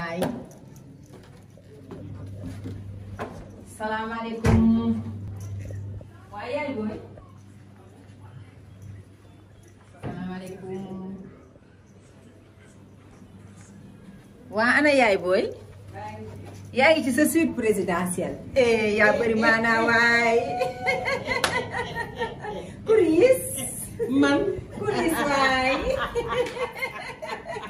Hai. Assalamualaikum. Wayal boy. Assalamualaikum. Wa ana yaay boy. yaa ci sa suite présidentielle. eh ya bëri maanaa waay. kuris. man kuris waay.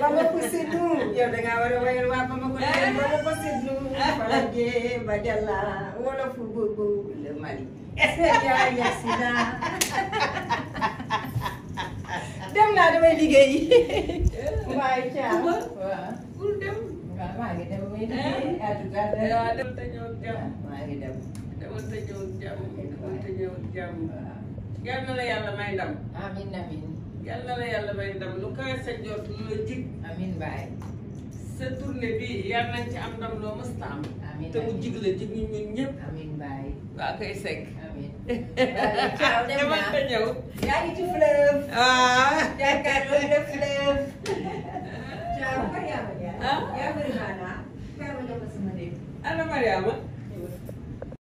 Vamos cozinu. Yo tengo ahora voy a lugar vamos cozinu. Vamos cozinu. Para que vaya la uno fububu le mari. Eh. ya ya sina. Dem na da mai ligayi. Mai cha. Kul dem. Ga ma ga dem mai ligayi. A tuka jam. Ma ga dem. Da mun jam. Mun ta nyau jam. Yalla yalla mai dam. Amin amin. yal na la yàlla may ndam lu kawe sa njort lu la jig amin baay sa yal nañ ci am ndam loo mës am te mu jig la jig ñu ñun ñëpp amin baay waa koy sekk caaw dem naa te ñëw yaa